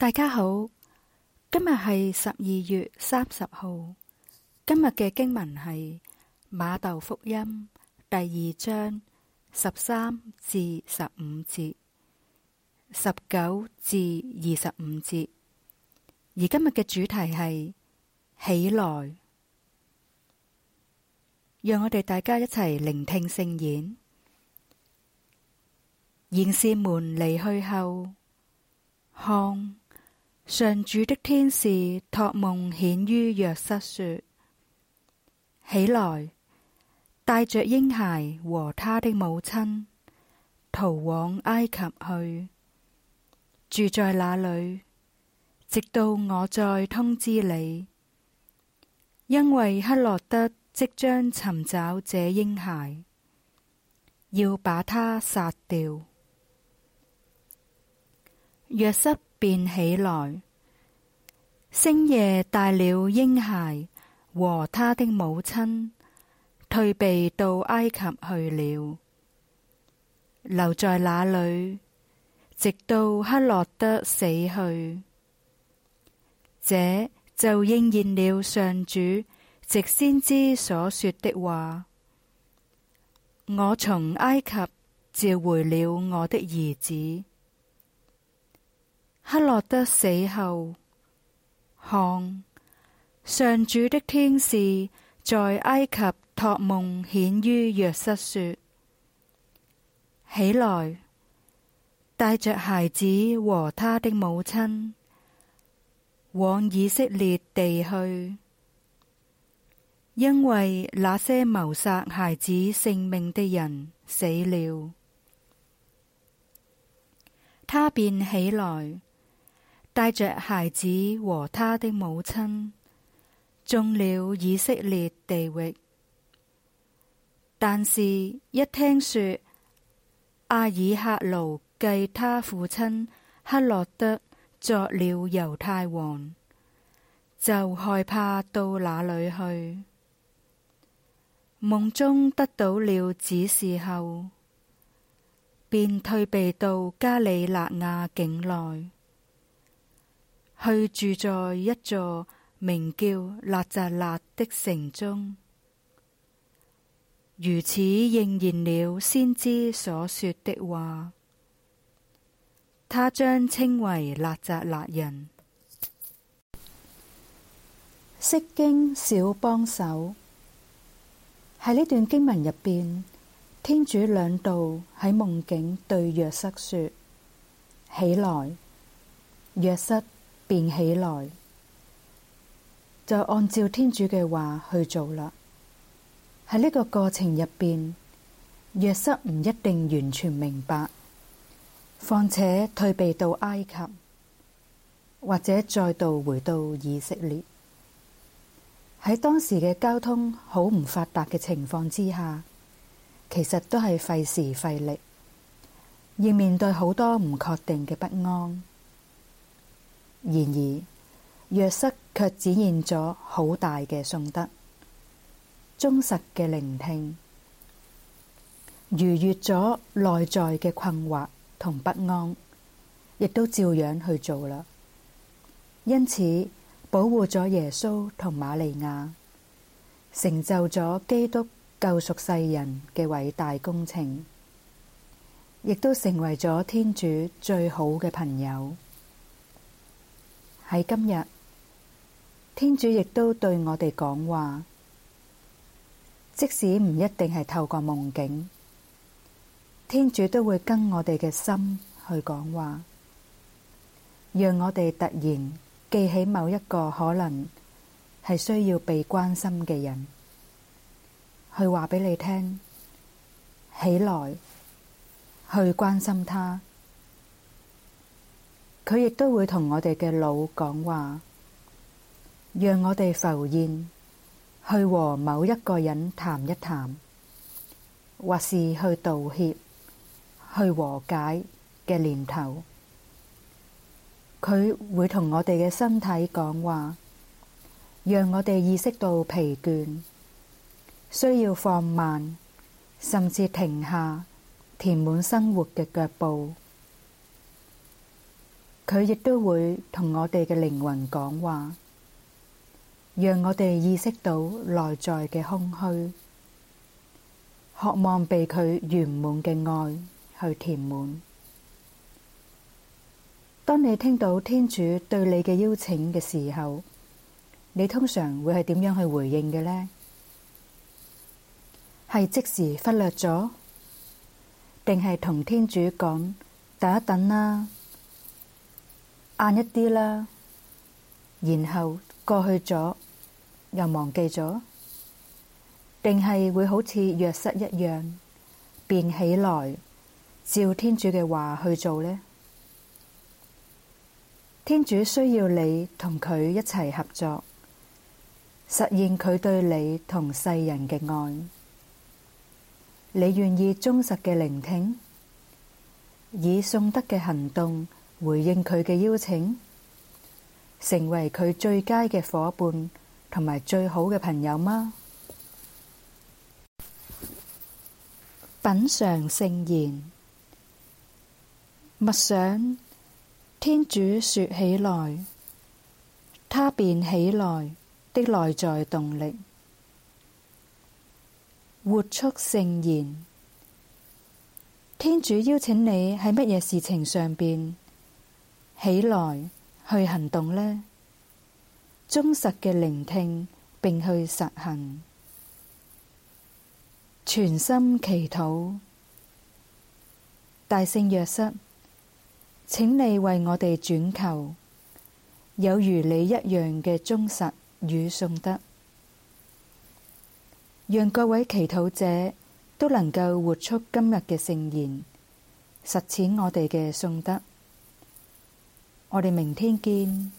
大家好，今日係十二月三十號。今日嘅經文係馬竇福音第二章十三至十五節，十九至二十五節。而今日嘅主題係起來，讓我哋大家一齊聆聽聖言。賢士們離去後，看。上主的天使託夢顯於若瑟說：起來，帶着嬰孩和他的母親逃往埃及去，住在那裏，直到我再通知你，因為黑落德即將尋找這嬰孩，要把他殺掉。若瑟便起來。星夜帶了嬰孩和他的母親，退避到埃及去了，留在那裏，直到黑落德死去。這就應驗了上主藉先知所說的話：我從埃及召回了我的兒子。黑落德死後。看，上主的天使在埃及託夢顯於若瑟說：起來，帶着孩子和他的母親往以色列地去，因為那些謀殺孩子性命的人死了。他便起來。帶着孩子和他的母親，進了以色列地域。但是，一聽說阿爾赫勞繼他父親黑落德作了猶太王，就害怕到那裏去。夢中得到了指示後，便退避到加里肋亞境內。去住在一座名叫納匝肋的城中，如此應驗了先知所說的話。他將稱為納匝肋人。釋經小幫手，喺呢段經文入邊，天主兩度喺夢境對若瑟說：起來，若瑟。便起來，就按照天主嘅話去做啦。喺呢個過程入邊，約瑟唔一定完全明白，況且退避到埃及，或者再度回到以色列，喺當時嘅交通好唔發達嘅情況之下，其實都係費時費力，要面對好多唔確定嘅不安。然而，若瑟卻展現咗好大嘅信德，忠實嘅聆聽，逾越咗內在嘅困惑同不安，亦都照樣去做啦。因此，保護咗耶穌同瑪利亞，成就咗基督救贖世人嘅偉大工程，亦都成為咗天主最好嘅朋友。喺今日，天主亦都對我哋講話，即使唔一定係透過夢境，天主都會跟我哋嘅心去講話，讓我哋突然記起某一個可能係需要被關心嘅人，去話俾你聽，起來，去關心他。佢亦都會同我哋嘅腦講話，讓我哋浮現，去和某一個人談一談，或是去道歉、去和解嘅念頭。佢會同我哋嘅身體講話，讓我哋意識到疲倦，需要放慢，甚至停下，填滿生活嘅腳步。佢亦都會同我哋嘅靈魂講話，讓我哋意識到內在嘅空虛，渴望被佢圓滿嘅愛去填滿。當你聽到天主對你嘅邀請嘅時候，你通常會係點樣去回應嘅呢？係即時忽略咗，定係同天主講等一等啦、啊？晏一啲啦，然後過去咗又忘記咗，定係會好似若瑟一樣便起來，照天主嘅話去做呢？天主需要你同佢一齊合作，實現佢對你同世人嘅愛。你願意忠實嘅聆聽，以信德嘅行動回應佢嘅邀請，成為佢最佳嘅夥伴同埋最好嘅朋友嗎？品嚐聖言，默想天主說起來，他便起來的內在動力，活出聖言。天主邀請你喺乜嘢事情上邊？起來去行動呢，忠實嘅聆聽並去實行，全心祈禱，大聖若瑟，請你為我哋轉求，有如你一樣嘅忠實與信德，讓各位祈禱者都能夠活出今日嘅聖言，實踐我哋嘅信德。我哋明天見。